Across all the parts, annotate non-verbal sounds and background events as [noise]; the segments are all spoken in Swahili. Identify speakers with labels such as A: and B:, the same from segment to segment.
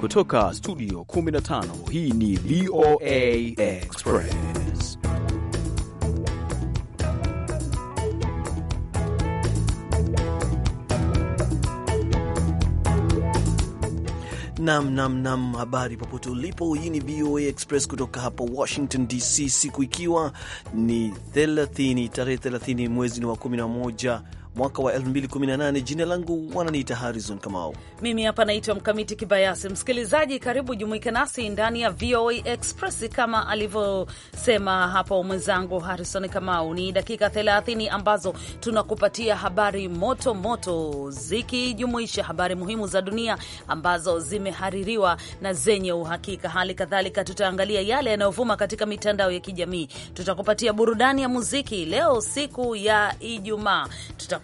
A: Kutoka studio 15 hii ni VOA Express. Nam nam nam, habari popote ulipo. Hii ni VOA Express kutoka hapa Washington DC, siku ikiwa ni 30 tarehe 30 mwezi ni wa 11 mwaka wa 2018. Jina langu wananiita Harrison Kamau,
B: mimi hapa naitwa Mkamiti Kibayasi. Msikilizaji, karibu jumuike nasi ndani ya VOA Express. Kama alivyosema hapo mwenzangu Harrison Kamau, ni dakika 30 ambazo tunakupatia habari moto moto zikijumuisha habari muhimu za dunia ambazo zimehaririwa na zenye uhakika. Hali kadhalika tutaangalia yale yanayovuma katika mitandao ya kijamii, tutakupatia burudani ya muziki. Leo siku ya Ijumaa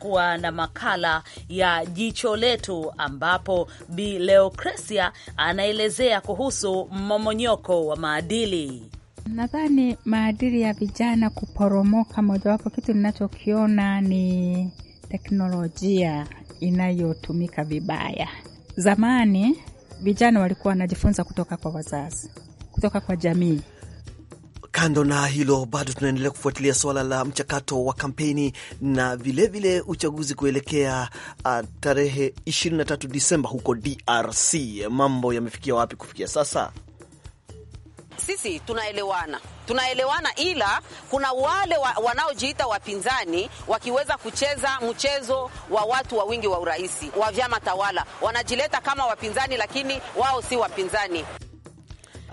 B: tutakuwa na makala ya jicho letu, ambapo Bi Leocresia anaelezea kuhusu mmomonyoko wa maadili.
C: Nadhani maadili ya vijana kuporomoka, mojawapo kitu ninachokiona ni teknolojia inayotumika vibaya. Zamani vijana walikuwa wanajifunza kutoka kwa wazazi, kutoka kwa jamii
A: Kando na hilo, bado tunaendelea kufuatilia swala la mchakato wa kampeni na vilevile vile uchaguzi kuelekea uh, tarehe 23 Disemba huko DRC. Mambo yamefikia wapi kufikia sasa?
D: Sisi tunaelewana tunaelewana ila kuna wale wa, wanaojiita wapinzani wakiweza kucheza mchezo wa watu wa wingi wa urais wa vyama tawala, wanajileta kama wapinzani, lakini wao si wapinzani.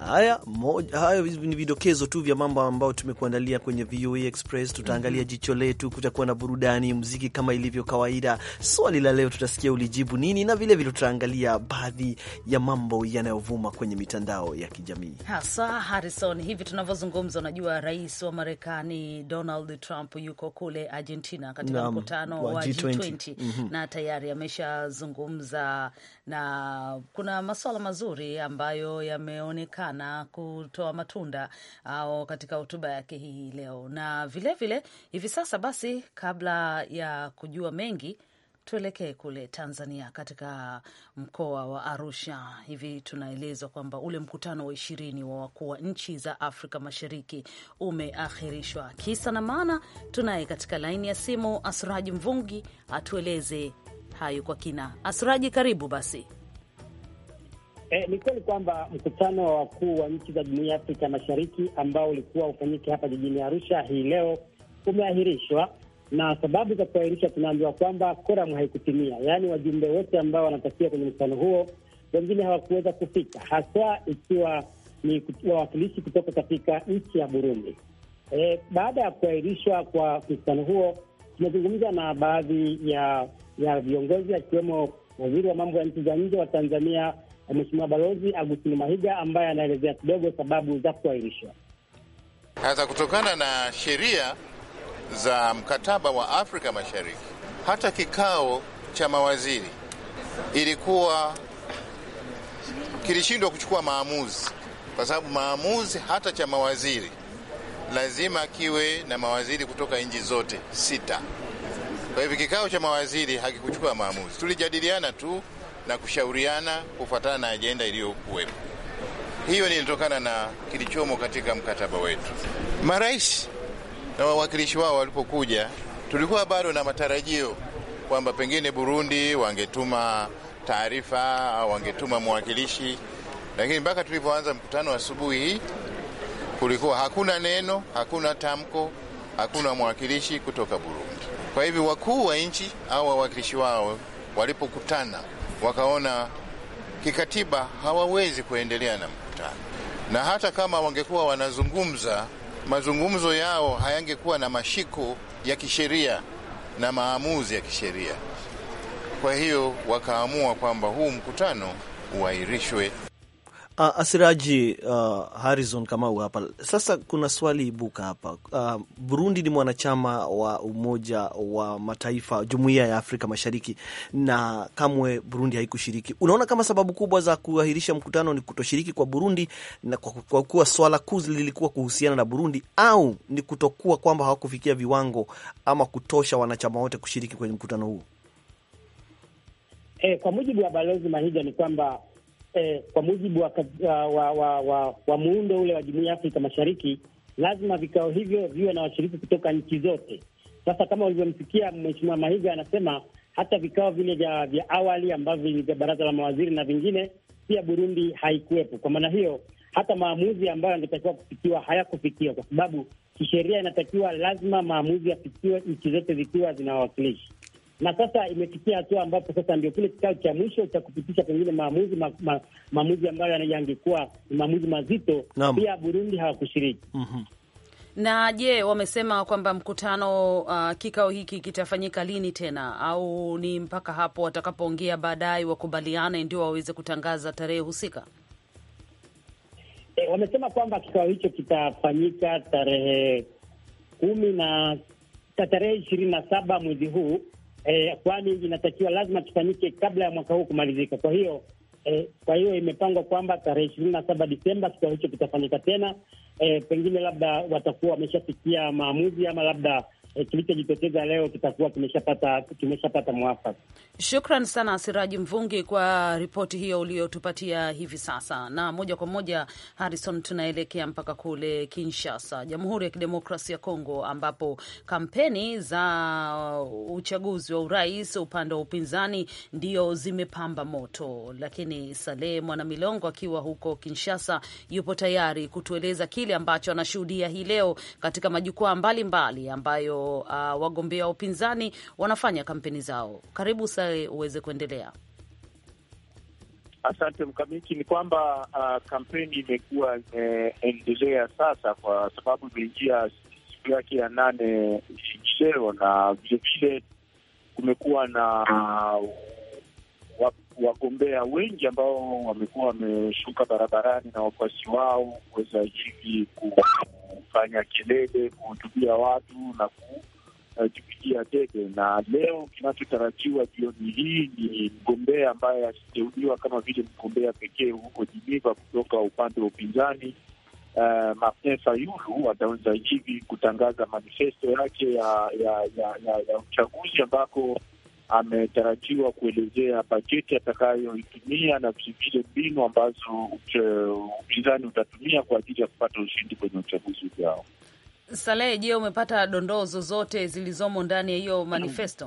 A: Haya, moja, hayo ni vidokezo tu vya mambo ambayo tumekuandalia kwenye VOA Express. Tutaangalia mm -hmm. jicho letu, kutakuwa na burudani, muziki kama ilivyo kawaida. Swali la leo tutasikia ulijibu nini, na vilevile tutaangalia baadhi ya mambo yanayovuma kwenye mitandao ya kijamii
B: hasa Harrison, hivi tunavyozungumza, unajua rais wa Marekani Donald Trump yuko kule Argentina katika mkutano wa G20, G20. Mm -hmm. na tayari ameshazungumza na kuna maswala mazuri ambayo yameonekana sana na kutoa matunda au katika hotuba yake hii leo, na vilevile vile, hivi sasa basi, kabla ya kujua mengi tuelekee kule Tanzania, katika mkoa wa Arusha. Hivi tunaelezwa kwamba ule mkutano wa ishirini wa wakuu wa nchi za Afrika Mashariki umeahirishwa. Kisa na maana, tunaye katika laini ya simu Asuraji Mvungi atueleze hayo kwa kina. Asuraji, karibu basi.
E: Eh, ni kweli kwamba mkutano wa wakuu wa nchi za Jumuiya ya Afrika Mashariki ambao ulikuwa ufanyike hapa jijini Arusha hii leo umeahirishwa, na sababu za kuahirisha, tunaambiwa kwamba koramu haikutimia, yaani wajumbe wote ambao wanatakiwa kwenye mkutano huo wengine hawakuweza kufika, haswa ikiwa ni wawakilishi kutoka katika nchi ya Burundi. E, baada ya kuahirishwa kwa mkutano huo tumezungumza na baadhi ya ya viongozi akiwemo waziri wa mambo ya nchi za nje wa Tanzania Mheshimiwa Balozi Agustini Mahiga ambaye anaelezea kidogo sababu za kuahirishwa.
F: Hata kutokana na sheria za mkataba wa Afrika Mashariki, hata kikao cha mawaziri ilikuwa kilishindwa kuchukua maamuzi, kwa sababu maamuzi hata cha mawaziri lazima kiwe na mawaziri kutoka nchi zote sita. Kwa hivyo kikao cha mawaziri hakikuchukua maamuzi, tulijadiliana tu na kushauriana kufuatana na ajenda iliyokuwepo. Hiyo nilitokana na kilichomo katika mkataba wetu. Marais na wawakilishi wao walipokuja, tulikuwa bado na matarajio kwamba pengine Burundi wangetuma taarifa au wangetuma mwakilishi, lakini mpaka tulivyoanza mkutano asubuhi hii kulikuwa hakuna neno, hakuna tamko, hakuna mwakilishi kutoka Burundi. Kwa hivyo wakuu wa nchi au wawakilishi wao walipokutana wakaona kikatiba hawawezi kuendelea na mkutano, na hata kama wangekuwa wanazungumza, mazungumzo yao hayangekuwa na mashiko ya kisheria na maamuzi ya kisheria. Kwa hiyo wakaamua kwamba huu mkutano uahirishwe.
A: Uh, Asiraji uh, Harrison Kamau hapa sasa. Kuna swali ibuka hapa uh, Burundi ni mwanachama wa Umoja wa Mataifa, Jumuiya ya Afrika Mashariki, na kamwe Burundi haikushiriki. Unaona kama sababu kubwa za kuahirisha mkutano ni kutoshiriki kwa Burundi na kwa, kwa kuwa swala kuu lilikuwa kuhusiana na Burundi, au ni kutokuwa kwamba hawakufikia viwango ama kutosha wanachama wote kushiriki kwenye mkutano huu?
E: E, kwa mujibu wa Balozi Mahija ni kwamba eh, kwa mujibu wa, wa, wa, wa, wa muundo ule wa Jumuiya ya Afrika Mashariki, lazima vikao hivyo viwe na washiriki kutoka nchi zote. Sasa kama ulivyomsikia Mheshimiwa Mahiga anasema hata vikao vile vya, vya awali ambavyo ni vya baraza la mawaziri na vingine, pia Burundi haikuwepo. Kwa maana hiyo hata maamuzi ambayo yangetakiwa kufikiwa hayakufikiwa, kwa sababu kisheria inatakiwa lazima maamuzi yafikiwe nchi zote zikiwa wawakilishi na sasa imefikia hatua ambapo sasa ndio kile kikao cha mwisho cha kupitisha pengine maamuzi ma, ma, maamuzi ambayo yangekuwa ni maamuzi mazito Naam. Pia Burundi hawakushiriki mm
G: -hmm.
B: Na je, wamesema kwamba mkutano uh, kikao hiki kitafanyika lini tena, au ni mpaka hapo watakapoongea baadaye wakubaliane ndio waweze kutangaza tarehe husika?
E: E, wamesema kwamba kikao hicho kitafanyika tarehe kumi na tarehe ishirini na saba mwezi huu eh, kwani inatakiwa lazima kifanyike kabla ya mwaka huu kumalizika. Kwa hiyo eh, kwa hiyo imepangwa kwamba tarehe ishirini na saba Disemba kikao hicho kitafanyika tena. Eh, pengine labda watakuwa wameshafikia maamuzi ama labda Eh, kilichojitokeza leo kitakuwa tumeshapata tumeshapata mwafaka.
B: Shukran sana Siraji Mvungi kwa ripoti hiyo uliotupatia hivi sasa, na moja kwa moja Harrison, tunaelekea mpaka kule Kinshasa, Jamhuri ya Kidemokrasia ya Kongo, ambapo kampeni za uchaguzi wa urais upande wa upinzani ndio zimepamba moto, lakini Saleh Mwanamilongo akiwa huko Kinshasa yupo tayari kutueleza kile ambacho anashuhudia hii leo katika majukwaa mbalimbali ambayo uh, wagombea upinzani wanafanya kampeni zao. Karibu Sae, uweze kuendelea.
H: Asante Mkamiti. Ni kwamba uh, kampeni imekuwa eh, imeendelea sasa kwa sababu imeingia siku yake ya nane leo, na vilevile kumekuwa na wagombea wengi ambao wamekuwa wameshuka barabarani na wafuasi wao kuweza hivi ku kufanya kelele, kuhutubia watu na kujipigia eh, debe. Na leo kinachotarajiwa jioni hii ni mgombea ambaye aliteuliwa kama vile mgombea pekee huko Jiniva kutoka upande wa upinzani Uh, Martin Fayulu ataweza hivi kutangaza manifesto yake ya ya, ya, ya, ya uchaguzi ambako ametarajiwa kuelezea bajeti atakayoitumia na vilevile mbinu ambazo uh, upinzani utatumia kwa ajili ya kupata ushindi kwenye uchaguzi ujao.
B: Salehe, je, umepata dondoo zozote zilizomo ndani ya hiyo manifesto?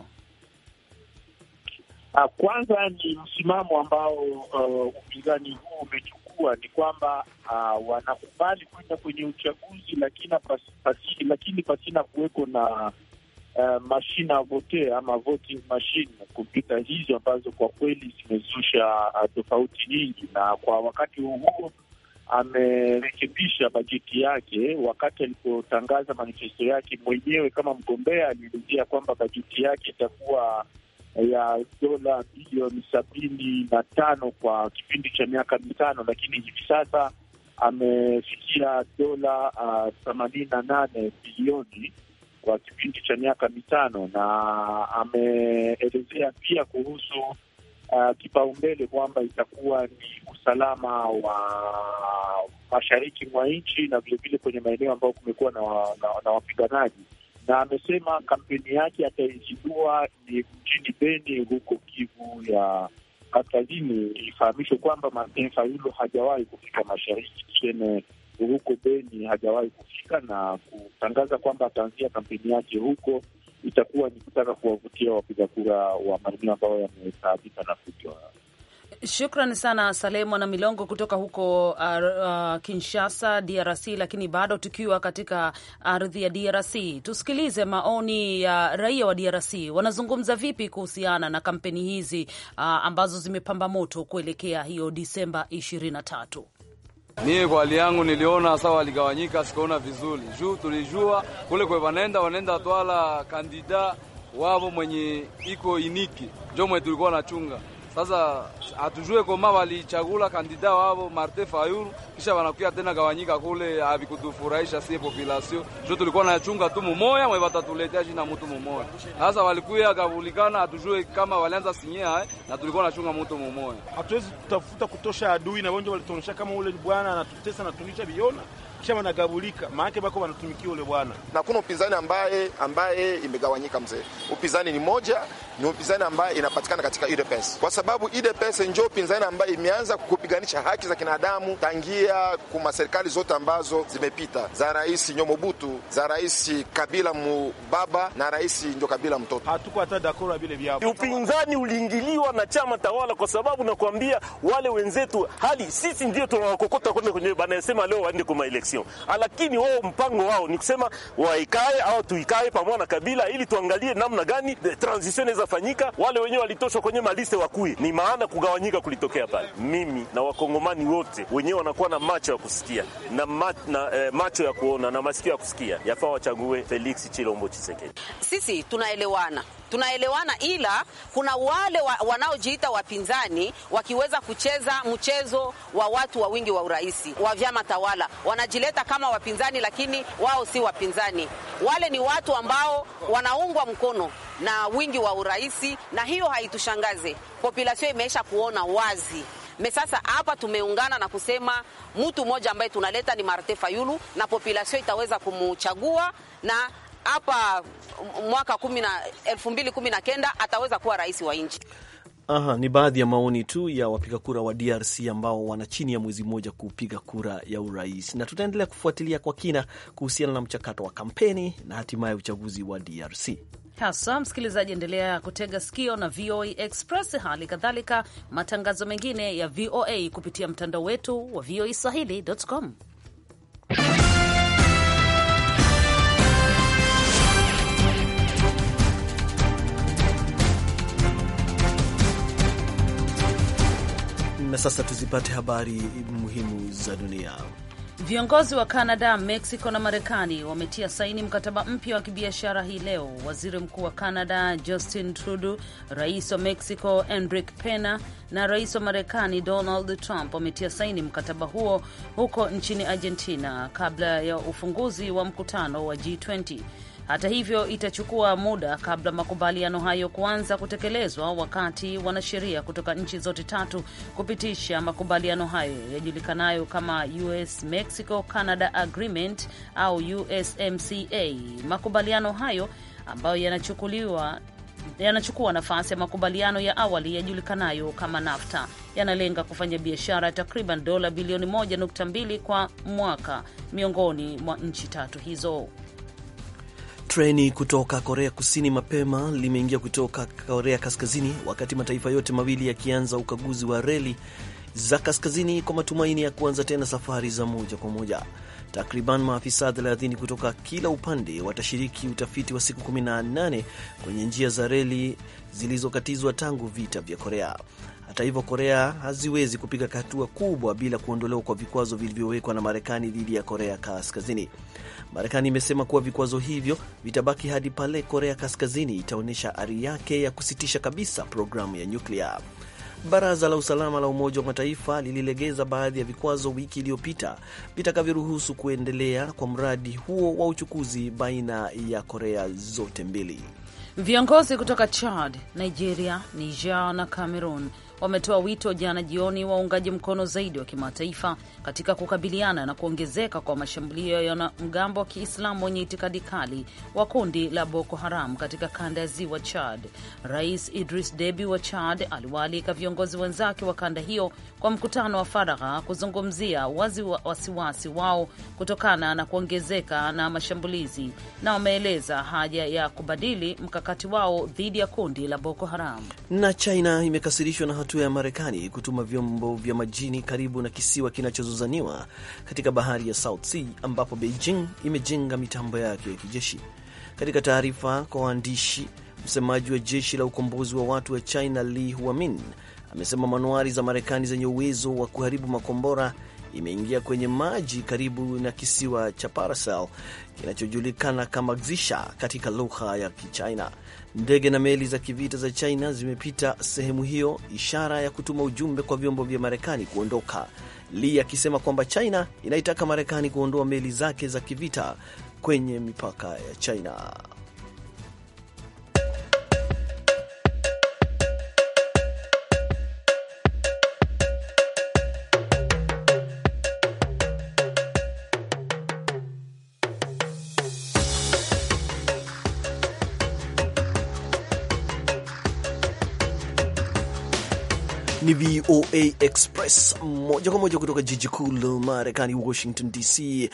H: mm. kwanza ni msimamo ambao uh, upinzani huu umechukua ni kwamba uh, wanakubali kwenda kwenye uchaguzi lakini pasi, lakini pasina kuweko na uh, eh, mashine a vote ama voting machine, kompyuta hizo ambazo kwa kweli zimezusha uh, tofauti nyingi, na kwa wakati huo amerekebisha bajeti yake. Wakati alipotangaza manifesto yake mwenyewe kama mgombea, alielezea kwamba bajeti yake itakuwa eh, ya dola bilioni sabini na tano kwa kipindi cha miaka mitano, lakini hivi sasa amefikia dola themanini uh, na nane bilioni kwa kipindi cha miaka mitano, na ameelezea pia kuhusu uh, kipaumbele kwamba itakuwa ni usalama wa mashariki mwa nchi na vilevile kwenye maeneo ambayo kumekuwa na, na, na wapiganaji na amesema kampeni yake ataizindua ni mjini Beni huko Kivu ya Kaskazini. Ifahamishwe kwamba mataifa hilo hajawahi kufika mashariki, tuseme huko Beni hajawahi kufika na kutangaza kwamba ataanzia kampeni yake huko, itakuwa ni kutaka kuwavutia wapiga kura wa maeneo ambayo yamesaabika na kujwa.
B: Shukran sana Saleh Mwana Milongo kutoka huko uh, uh, Kinshasa, DRC. Lakini bado tukiwa katika ardhi ya DRC, tusikilize maoni ya raia wa DRC. Wanazungumza vipi kuhusiana na kampeni hizi uh, ambazo zimepamba moto kuelekea hiyo Disemba ishirini na tatu? Mie kwa hali yangu niliona sawa, aligawanyika, sikaona vizuri juu tulijua kule kwa wanenda wanaenda twala kandida wavo mwenye iko iniki, njo mwe tulikuwa nachunga sasa hatujue koma walichagula kandida wao Martin Fayulu, kisha wanakuya tena gawanyika kule, havikutufurahisha sie populasio jo, tulikuwa nachunga tu mumoya mwe watatuletea jina mutu mumoya. Sasa walikuya gavulikana, hatujue kama walianza sinyea eh, na tulikuwa nachunga mutu mumoya.
H: Hatuwezi kutafuta kutosha adui na wengi walitonesha kama ule bwana anatutesa na tunisha biona kisha wanagabulika,
F: maanake bako wanatumikia ule bwana. Na kuna upinzani ambaye ambaye imegawanyika mzee, upinzani ni moja, ni upinzani ambaye inapatikana katika UDPS, kwa sababu UDPS ndio upinzani ambaye imeanza kupiganisha haki za kinadamu tangia kuma serikali zote ambazo zimepita za Rais Nyomobutu, za Rais Kabila mubaba na Rais ndio Kabila mtoto. Hatuko hata dakora bile vyao. Upinzani uliingiliwa na chama tawala, kwa sababu nakwambia
A: wale wenzetu hali sisi ndio tunawakokota kwenda kwenye banasema leo waende kuma election transition, ah, lakini wao mpango wao ni kusema waikae au tuikae pamoja na Kabila ili tuangalie namna gani transition inaweza fanyika. Wale wenyewe walitoshwa kwenye maliste wakui, ni maana kugawanyika kulitokea pale. Mimi na wakongomani wote wenyewe wanakuwa na macho ya kusikia na, ma, na eh, macho ya kuona na masikio ya kusikia, yafaa wachague Felix Chilombo Chisekedi.
D: Sisi tunaelewana tunaelewana, ila kuna wale wa, wanaojiita wapinzani wakiweza kucheza mchezo wa watu wa wingi wa uraisi wa vyama tawala, wanajileta kama wapinzani, lakini wao si wapinzani. Wale ni watu ambao wanaungwa mkono na wingi wa uraisi, na hiyo haitushangaze. Populasio imeisha kuona wazi me sasa, hapa tumeungana na kusema mtu mmoja ambaye tunaleta ni Marte Fayulu, na populasio itaweza kumuchagua na hapa mwaka elfu mbili kumi na kenda ataweza kuwa rais wa nchi.
A: Aha, ni baadhi ya maoni tu ya wapiga kura wa DRC ambao wana chini ya mwezi mmoja kupiga kura ya urais, na tutaendelea kufuatilia kwa kina kuhusiana na mchakato wa kampeni na hatimaye uchaguzi wa DRC
B: haswa. Msikilizaji, endelea kutega sikio na VOA Express, hali kadhalika matangazo mengine ya VOA kupitia mtandao wetu wa voa swahili.com.
A: Na sasa tuzipate habari muhimu za dunia.
B: Viongozi wa Canada, Mexico na Marekani wametia saini mkataba mpya wa kibiashara hii leo. Waziri Mkuu wa Canada Justin Trudeau, rais wa Mexico Enrique Pena na rais wa Marekani Donald Trump wametia saini mkataba huo huko nchini Argentina kabla ya ufunguzi wa mkutano wa G20. Hata hivyo, itachukua muda kabla makubaliano hayo kuanza kutekelezwa, wakati wanasheria kutoka nchi zote tatu kupitisha makubaliano hayo yajulikanayo kama US Mexico Canada Agreement au USMCA. Makubaliano hayo ambayo yanachukuliwa yanachukua nafasi ya makubaliano ya awali yajulikanayo kama NAFTA yanalenga kufanya biashara ya takriban dola bilioni 1.2 kwa mwaka miongoni mwa nchi tatu hizo
A: treni kutoka Korea Kusini mapema limeingia kutoka Korea Kaskazini, wakati mataifa yote mawili yakianza ukaguzi wa reli za kaskazini kwa matumaini ya kuanza tena safari za moja kwa moja. Takriban maafisa 30 kutoka kila upande watashiriki utafiti wa siku 18 kwenye njia za reli zilizokatizwa tangu vita vya Korea. Hata hivyo, Korea haziwezi kupiga hatua kubwa bila kuondolewa kwa vikwazo vilivyowekwa na Marekani dhidi ya Korea Kaskazini. Marekani imesema kuwa vikwazo hivyo vitabaki hadi pale Korea Kaskazini itaonyesha ari yake ya kusitisha kabisa programu ya nyuklia. Baraza la usalama la Umoja wa Mataifa lililegeza baadhi ya vikwazo wiki iliyopita vitakavyoruhusu kuendelea kwa mradi huo wa uchukuzi baina ya Korea zote mbili. Viongozi
B: kutoka Chad, Nigeria, Niger na Cameroon wametoa wito jana jioni waungaji mkono zaidi wa kimataifa katika kukabiliana na kuongezeka kwa mashambulio ya wanamgambo wa Kiislamu wenye itikadi kali wa kundi la Boko Haram katika kanda ya ziwa Chad. Rais Idris Deby wa Chad aliwaalika viongozi wenzake wa kanda hiyo kwa mkutano wa faragha kuzungumzia wazi wasiwasi wao kutokana na kuongezeka na mashambulizi, na wameeleza haja ya kubadili mkakati wao dhidi ya kundi la Boko Haram.
A: Na China imekasirishwa na hatu hatua ya Marekani kutuma vyombo vya majini karibu na kisiwa kinachozozaniwa katika bahari ya South Sea ambapo Beijing imejenga mitambo yake ya kijeshi. Katika taarifa kwa waandishi, msemaji wa jeshi la ukombozi wa watu wa China Li Huamin amesema manuari za Marekani zenye uwezo wa kuharibu makombora imeingia kwenye maji karibu na kisiwa cha Paracel kinachojulikana kama Xisha katika lugha ya Kichina. Ndege na meli za kivita za China zimepita sehemu hiyo, ishara ya kutuma ujumbe kwa vyombo vya Marekani kuondoka. Lee akisema kwamba China inaitaka Marekani kuondoa meli zake za kivita kwenye mipaka ya China. VOA Express moja kwa moja kutoka jiji kuu la Marekani, Washington DC.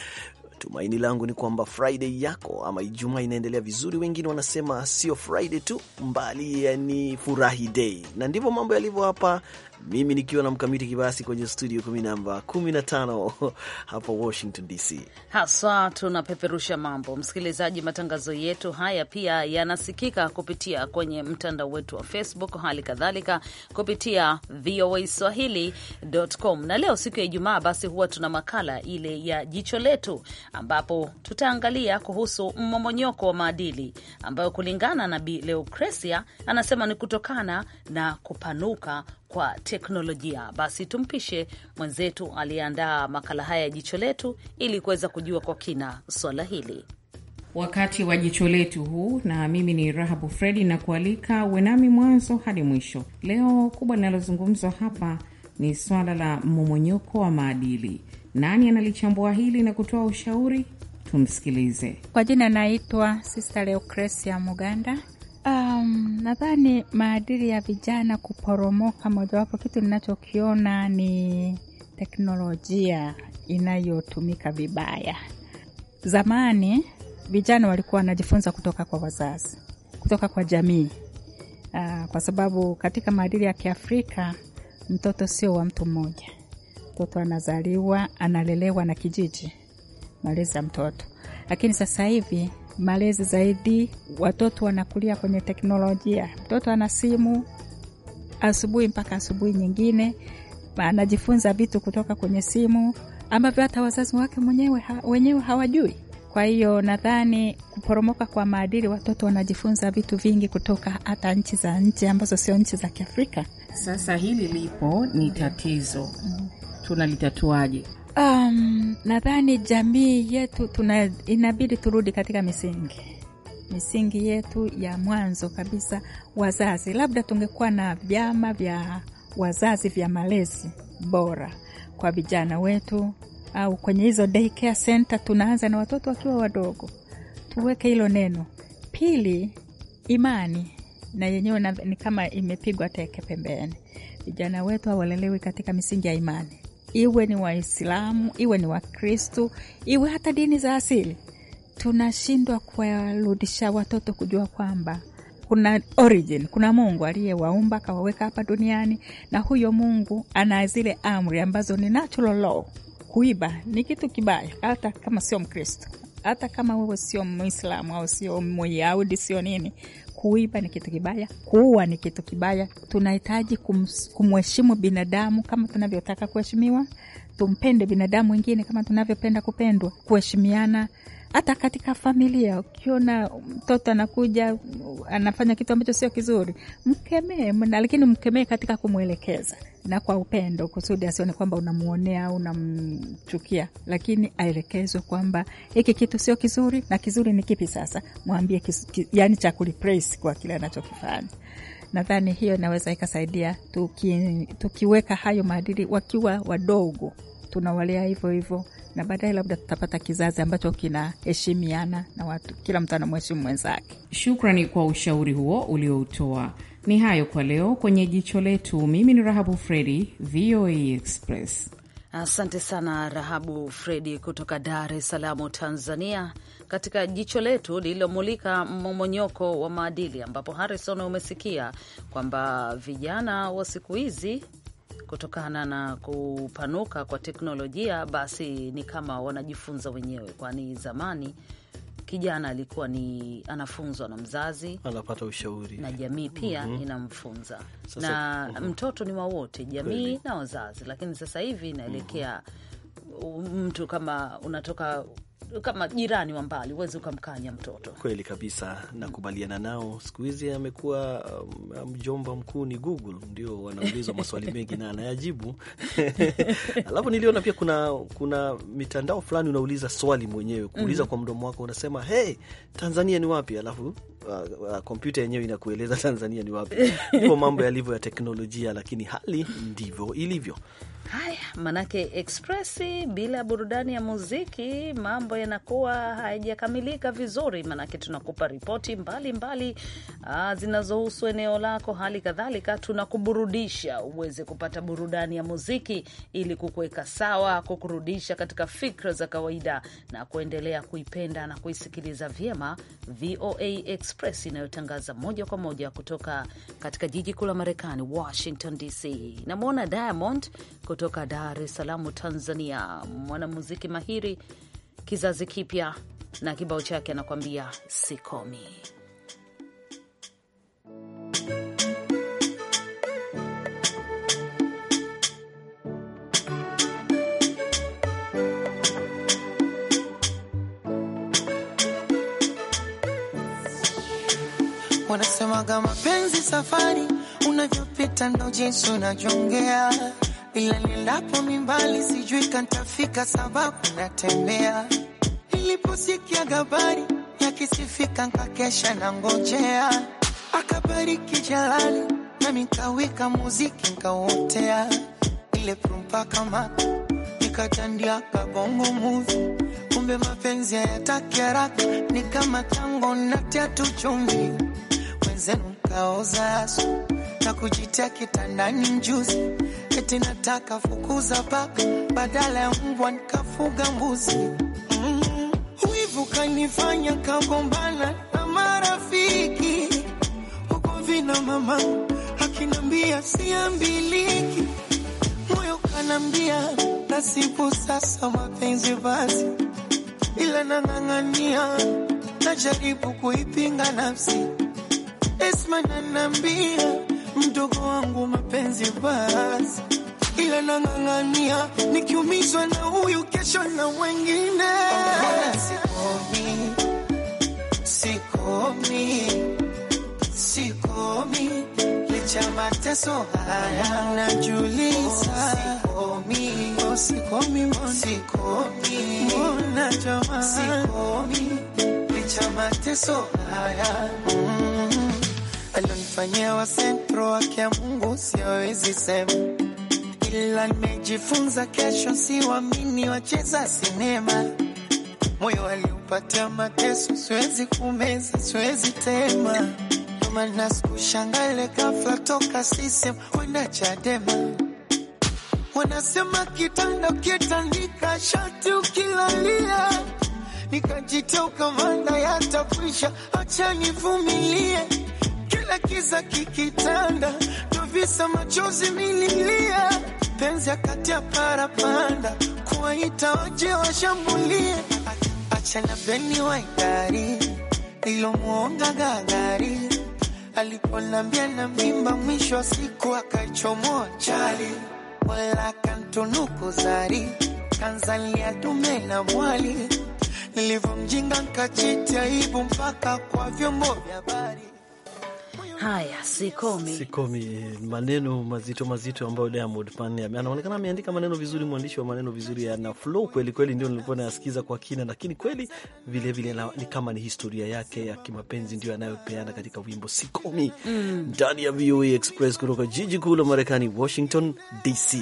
A: Tumaini langu ni kwamba Friday yako ama Ijumaa inaendelea vizuri. Wengine wanasema sio Friday tu, mbali ni furahi day, na ndivyo mambo yalivyo hapa mimi nikiwa na mkamiti kibasi kwenye studio kumi namba 15 [laughs] hapa Washington DC,
B: haswa tunapeperusha mambo. Msikilizaji, matangazo yetu haya pia yanasikika kupitia kwenye mtandao wetu wa Facebook, hali kadhalika kupitia VOA Swahili.com. Na leo siku ya Ijumaa, basi huwa tuna makala ile ya jicho letu, ambapo tutaangalia kuhusu mmomonyoko wa maadili ambayo kulingana na Bi anasema ni kutokana na kupanuka kwa teknolojia. Basi tumpishe mwenzetu aliyeandaa makala haya ya jicho letu, ili kuweza kujua kwa kina swala hili.
C: Wakati wa jicho letu huu, na mimi ni Rahabu Fredi na kualika uenami mwanzo hadi mwisho. Leo kubwa linalozungumzwa hapa ni swala la mmomonyoko wa maadili. Nani analichambua hili na kutoa ushauri? Tumsikilize. Kwa jina naitwa Sista Leokresia Muganda, Mm, nadhani maadili ya vijana kuporomoka, mojawapo kitu ninachokiona ni teknolojia inayotumika vibaya. Zamani vijana walikuwa wanajifunza kutoka kwa wazazi, kutoka kwa jamii, uh, kwa sababu katika maadili ya Kiafrika mtoto sio wa mtu mmoja. Mtoto anazaliwa, analelewa na kijiji, malezi ya mtoto. Lakini sasa hivi malezi zaidi. Watoto wanakulia kwenye teknolojia, mtoto ana simu asubuhi mpaka asubuhi nyingine, anajifunza vitu kutoka kwenye simu ambavyo hata wazazi wake mwenyewe ha, wenyewe hawajui. Kwa hiyo nadhani kuporomoka kwa maadili, watoto wanajifunza vitu vingi kutoka hata nchi za nje ambazo sio nchi za Kiafrika. Sasa hili lipo ni tatizo, mm.
D: tunalitatuaje?
C: Um, nadhani jamii yetu tuna, inabidi turudi katika misingi misingi yetu ya mwanzo kabisa, wazazi. Labda tungekuwa na vyama vya wazazi vya malezi bora kwa vijana wetu, au kwenye hizo daycare center, tunaanza na watoto wakiwa wadogo, tuweke hilo neno. Pili, imani na yenyewe ni kama imepigwa teke pembeni. Vijana wetu hawalelewi katika misingi ya imani iwe ni Waislamu, iwe ni Wakristu, iwe hata dini za asili, tunashindwa kuwarudisha watoto kujua kwamba kuna origin, kuna Mungu aliyewaumba akawaweka hapa duniani, na huyo Mungu ana zile amri ambazo ni natural law. Kuiba ni kitu kibaya, hata kama sio Mkristo hata kama wewe sio Muislamu au sio Myahudi sio nini, kuiba ni kitu kibaya, kuua ni kitu kibaya. Tunahitaji kumheshimu binadamu kama tunavyotaka kuheshimiwa, tumpende binadamu wengine kama tunavyopenda kupendwa, kuheshimiana hata katika familia. Ukiona mtoto anakuja anafanya kitu ambacho sio kizuri, mkemee, lakini mkemee katika kumwelekeza na kwa upendo, kusudi asione kwamba unamuonea au unamchukia, lakini aelekezwe kwamba hiki kitu sio kizuri na kizuri ni kipi sasa, mwambie yani cha kureplace kwa kile anachokifanya. Nadhani hiyo inaweza ikasaidia, tuki, tukiweka hayo maadili wakiwa wadogo, tunawalea hivyo hivyo na baadaye labda tutapata kizazi ambacho kinaheshimiana na watu, kila mtu anamheshimu mwenzake. Shukrani kwa ushauri huo ulioutoa. Ni hayo kwa leo kwenye jicho letu. Mimi ni Rahabu Fredi, VOA
G: Express.
B: Asante sana Rahabu Fredi kutoka Dar es Salaam, Tanzania, katika jicho letu lililomulika mmomonyoko wa maadili, ambapo Harrison, umesikia kwamba vijana wa siku hizi kutokana na kupanuka kwa teknolojia, basi ni kama wanajifunza wenyewe, kwani zamani kijana alikuwa ni anafunzwa na mzazi, anapata ushauri na jamii pia mm -hmm. inamfunza sasa, na mm -hmm. mtoto ni wa wote, jamii Kweli. na wazazi, lakini sasa hivi inaelekea mm -hmm. mtu kama unatoka kama jirani wa mbali, uwezi ukamkanya mtoto.
A: Kweli kabisa, nakubaliana nao. Siku hizi amekuwa um, mjomba mkuu ni Google, ndio wanaulizwa maswali [laughs] mengi na anayajibu. [laughs] Alafu niliona pia kuna kuna mitandao fulani unauliza swali mwenyewe kuuliza mm -hmm. kwa mdomo wako unasema hey, Tanzania ni wapi? alafu kompyuta uh, uh, yenyewe inakueleza [laughs] Tanzania ni wapi. Ndivyo mambo yalivyo ya teknolojia, lakini hali ndivyo ilivyo.
B: Haya, manake Express bila burudani ya muziki mambo yanakuwa hayajakamilika vizuri, manake tunakupa ripoti mbalimbali uh, zinazohusu eneo lako, hali kadhalika tunakuburudisha uweze kupata burudani ya muziki ili kukuweka sawa, kukurudisha katika fikra za kawaida na kuendelea kuipenda na kuisikiliza vyema VOA Express. Express inayotangaza moja kwa moja kutoka katika jiji kuu la Marekani, Washington DC. Namwona Diamond kutoka Dar es Salaam, Tanzania, mwanamuziki mahiri kizazi kipya, na kibao chake anakuambia sikomi.
G: Wanasemaga mapenzi safari, unavyopita ndo jinsi unajongea, ila nilapo mimbali, sijui kantafika sababu natembea. Niliposikia habari yakisifika, nkakesha na ngojea, akabariki Jalali na mikawika muziki nkaotea, ile prumpa kama nikatandia kabongo muvi, kumbe mapenzi hayataki haraka, ni kama tango na tatu chumvi zenu kaoza na kujitia kitandani mjuzi, eti nataka fukuza paka badala ya mbwa nikafuga mbuzi. Mm, kanifanya kagombana na marafiki, ugomvi na mama akinambia siambiliki, moyo kanambia nasibu sasa mapenzi basi, ila nang'ang'ania najaribu kuipinga nafsi Osman anambia mdogo wangu mapenzi basi, ila nang'ang'ania nikiumizwa na huyu kesho na wengine sikomi, sikomi, licha mateso haya najuliza oh, sikomi, oh, sikomi, mbona jamani sikomi licha mateso haya mm alionifanyia wa sentro wake ya Mungu siwezi sema, ila nimejifunza kesho siwamini wacheza sinema. Moyo aliupatia mateso, siwezi kumeza, siwezi tema na sikushangale ghafla toka sisem kwenda Chadema. Wanasema kitanda kitandika shati ukilalia, nikajiteuka manda yatakwisha, acha nivumilie kila kiza kikitanda, tovisa machozi mililia, penzi akati ya parapanda, kuwaita waje washambulie, achana beni waidari ilomwonga gagari, aliponambia na mimba, mwisho wa siku akaichomoa chali, wala kantunuku zari kanzalia dume na mwali, nilivyomjinga nkachiti aibu mpaka kwa vyombo vya habari.
A: Haya, sikomi sikomi, eh, maneno mazito mazito ambayo Diamond Platnumz anaonekana ameandika maneno vizuri, mwandishi wa maneno vizuri, yana flow kweli kweli, ndio nilikuwa nayasikiza kwa kina, lakini kweli vilevile vile ni kama ni historia yake ya kimapenzi ndio anayopeana katika wimbo sikomi mm. ndani mm, ya VOA e Express kutoka jiji kuu la Marekani Washington DC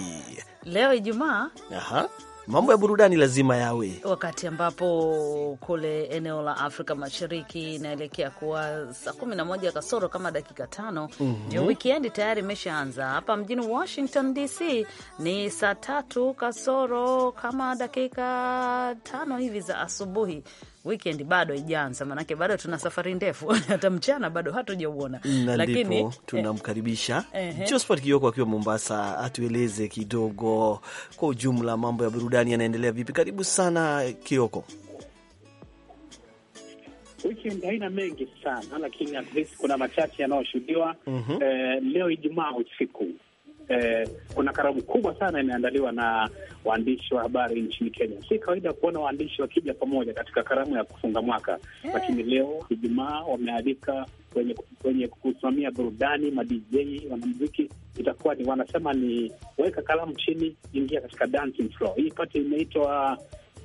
B: leo Ijumaa.
A: Aha mambo ya burudani lazima yawe,
B: wakati ambapo kule eneo la Afrika Mashariki inaelekea kuwa saa kumi na moja kasoro kama dakika tano mhm. ndio mm -hmm. Wikendi tayari imeshaanza hapa mjini Washington DC ni saa tatu kasoro kama dakika tano hivi za asubuhi weekend bado ijaanza, manake bado tuna safari ndefu [laughs] hata mchana bado hatujauona, lakini eh,
A: tunamkaribisha eh, Josphat Kioko akiwa Mombasa atueleze kidogo kwa ujumla mambo ya burudani yanaendelea vipi. Karibu sana Kioko.
I: Weekend haina mengi sana, lakini at least kuna machache yanayoshuhudiwa. mm -hmm. Eh, leo Ijumaa usiku eh, kuna karamu kubwa sana imeandaliwa na waandishi wa habari nchini Kenya. Si kawaida kuona waandishi wakija pamoja katika karamu ya kufunga mwaka yeah. Lakini leo Ijumaa wamealika wenye, kwenye kusimamia burudani, madj wanamuziki, itakuwa ni wanasema ni weka kalamu chini, ingia katika dancing floor. Hii pati imeitwa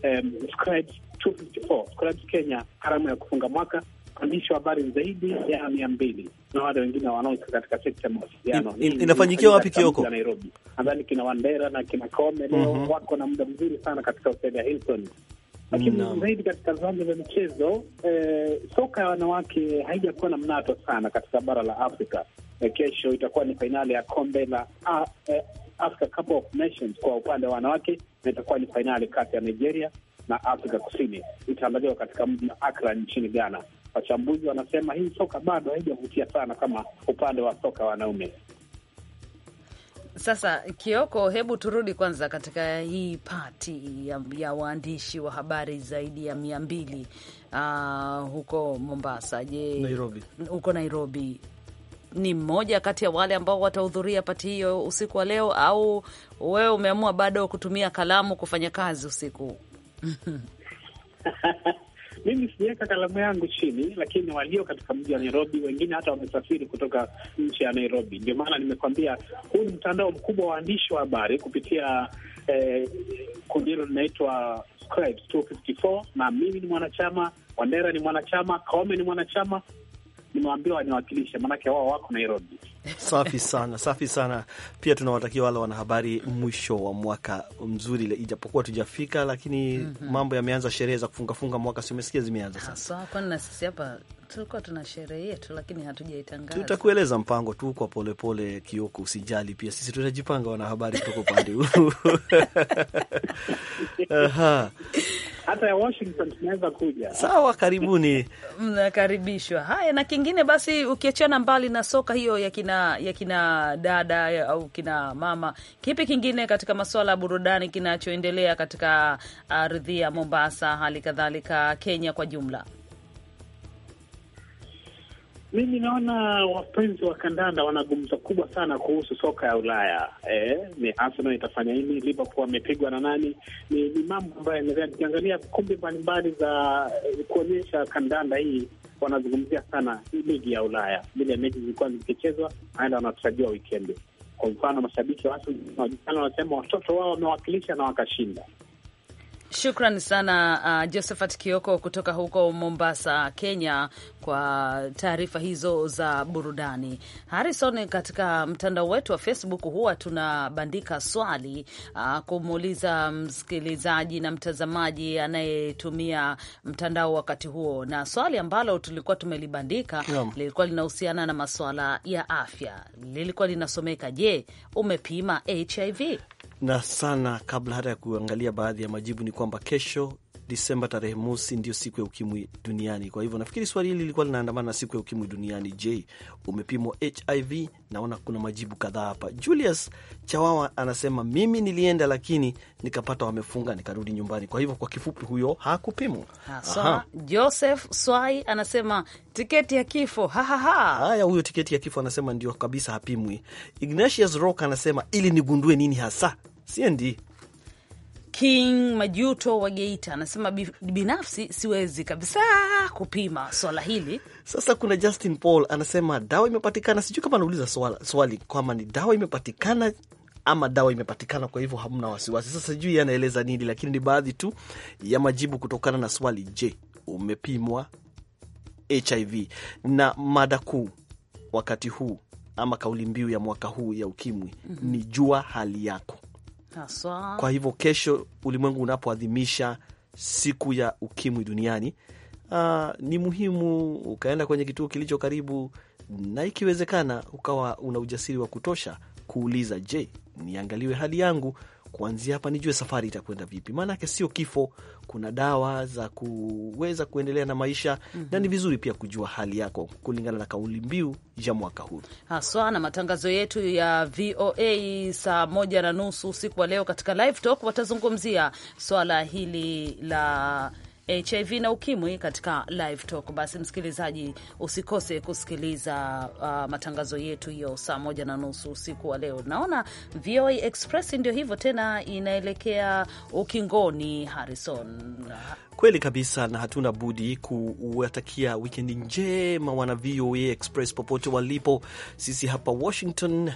I: um, Scribes 254 Scribes Kenya, karamu ya kufunga mwaka waandishi wa habari zaidi ya mia mbili na wale wengine wanaoika katika sekta ya mawasiliano. Inafanyikiwa wapi Kioko? Nairobi. Nadhani kina Wandera na kina Kome leo mm -hmm. wako na muda mzuri sana katika hoteli ya Hilton lakini no. zaidi katika viwanja vya michezo eh, soka ya wanawake haijakuwa na mnato sana katika bara la Afrika. Eh, kesho itakuwa ni fainali ya kombe la a, ah, eh, Africa Cup of Nations kwa upande wa wanawake, na itakuwa ni fainali kati ya Nigeria na Afrika Kusini, itaandaliwa katika mji wa Akra nchini Ghana. Wachambuzi wanasema hii soka bado haijavutia sana kama upande wa soka wanaume.
B: Sasa Kioko, hebu turudi kwanza katika hii pati ya, ya waandishi wa habari zaidi ya mia mbili uh, huko Mombasa. Je, Nairobi. huko Nairobi ni mmoja kati ya wale ambao watahudhuria pati hiyo usiku wa leo, au wewe umeamua bado kutumia kalamu kufanya kazi usiku?
H: [laughs]
I: Mimi sijaweka kalamu yangu chini, lakini walio katika mji wa Nairobi wengine hata wamesafiri kutoka nchi ya Nairobi. Ndio maana nimekwambia huu ni mtandao mkubwa wa waandishi wa habari kupitia eh, kundi hilo linaitwa Scribes 254 na mimi ni mwanachama, Wandera ni mwanachama, Kaome ni mwanachama, nimewambia waniwakilishe, maanake wao wako Nairobi.
A: Safi sana, safi sana. Pia tunawatakia wale wanahabari mwisho wa mwaka mzuri, ijapokuwa tujafika, lakini mm -hmm. mambo yameanza, sherehe za kufungafunga mwaka, si umesikia, zimeanza
B: sasa, kwani na sisi hapa tulikuwa tuna sherehe yetu lakini hatujaitangaza. Tutakueleza
A: mpango tu kwa polepole, Kioko, usijali. Pia sisi tutajipanga, wanahabari kutoka upande huu [laughs]
I: hata ya Washington tunaweza kuja.
A: Sawa, karibuni,
B: [laughs] mnakaribishwa. Haya, na kingine basi, ukiachana mbali na soka hiyo ya kina ya kina dada au kina mama, kipi kingine katika masuala ya burudani kinachoendelea katika ardhi ya Mombasa, hali kadhalika Kenya kwa jumla?
I: Mimi naona wapenzi wa kandanda wanagumzo kubwa sana kuhusu soka ya Ulaya. Eh, ni Arsenal itafanya nini? Liverpool amepigwa na nani? Ni, ni mambo ambayo nikiangalia kumbi mbalimbali za eh, kuonyesha kandanda hii wanazungumzia sana hii ligi ya Ulaya, vile mechi zilikuwa zikichezwa, aenda wanatarajiwa wikendi. Kwa mfano, mashabiki wa Arsenal wanasema watoto wao wamewakilisha na wakashinda.
B: Shukran sana uh, Josephat Kioko kutoka huko Mombasa, Kenya, kwa taarifa hizo za burudani. Harrison, katika mtandao wetu wa Facebook huwa tunabandika swali uh, kumuuliza msikilizaji na mtazamaji anayetumia mtandao wakati huo, na swali ambalo tulikuwa tumelibandika yeah, lilikuwa linahusiana na masuala ya afya, lilikuwa linasomeka: Je, umepima HIV?
A: na sana. Kabla hata ya kuangalia baadhi ya majibu, ni kwamba kesho Disemba tarehe mosi ndio siku ya ukimwi duniani. Kwa hivyo nafikiri swali hili lilikuwa linaandamana na siku ya ukimwi duniani. Je, umepimwa HIV? Naona kuna majibu kadhaa hapa. Julius Chawawa anasema mimi nilienda, lakini nikapata wamefunga, nikarudi nyumbani. Kwa hivyo kwa kifupi, huyo hakupimwa. So, Joseph Swai anasema tiketi ya kifo Haya, huyo tiketi ya kifo anasema ndio kabisa, hapimwi. Ignatius Rock anasema ili nigundue nini hasa CND. King Majuto wa Geita anasema binafsi siwezi kabisa kupima swala hili. Sasa kuna Justin Paul anasema dawa imepatikana, sijui kama anauliza swali, swali kwamba ni dawa imepatikana ama dawa imepatikana, kwa hivyo hamna wasiwasi. Sasa sijui anaeleza nini, lakini ni baadhi tu ya majibu kutokana na swali, je, umepimwa HIV? Na mada kuu wakati huu ama kauli mbiu ya mwaka huu ya ukimwi mm -hmm. ni jua hali yako kwa hivyo kesho ulimwengu unapoadhimisha siku ya ukimwi duniani, uh, ni muhimu ukaenda kwenye kituo kilicho karibu, na ikiwezekana ukawa una ujasiri wa kutosha kuuliza, je, niangaliwe hali yangu kuanzia hapa nijue safari itakwenda vipi, maanake sio kifo. Kuna dawa za kuweza kuendelea na maisha mm -hmm. na ni mhm. vizuri pia kujua hali yako kulingana na kauli mbiu ya mwaka huu
B: haswa. Na matangazo yetu ya VOA saa moja na nusu usiku wa leo katika Live Talk watazungumzia swala hili la HIV na ukimwi katika live talk. Basi msikilizaji, usikose kusikiliza uh, matangazo yetu hiyo saa moja na nusu usiku wa leo. Naona VOA Express ndio hivyo tena inaelekea ukingoni, Harrison.
A: Kweli kabisa, na hatuna budi kuwatakia wikendi njema wana VOA Express popote walipo. Sisi hapa Washington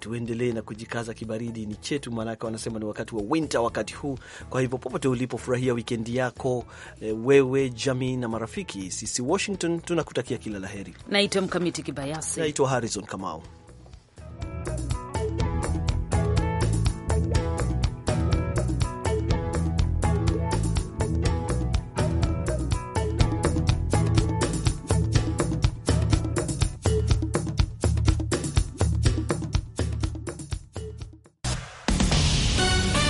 A: tuendelee na kujikaza, kibaridi ni chetu, maanake wanasema ni wakati wa winter wakati huu. Kwa hivyo popote ulipofurahia wikendi yako, eh, wewe jamii na marafiki, sisi Washington tunakutakia kila la heri.
B: Naitwa Mkamiti Kibayasi.
A: Naitwa Harrison Kamau.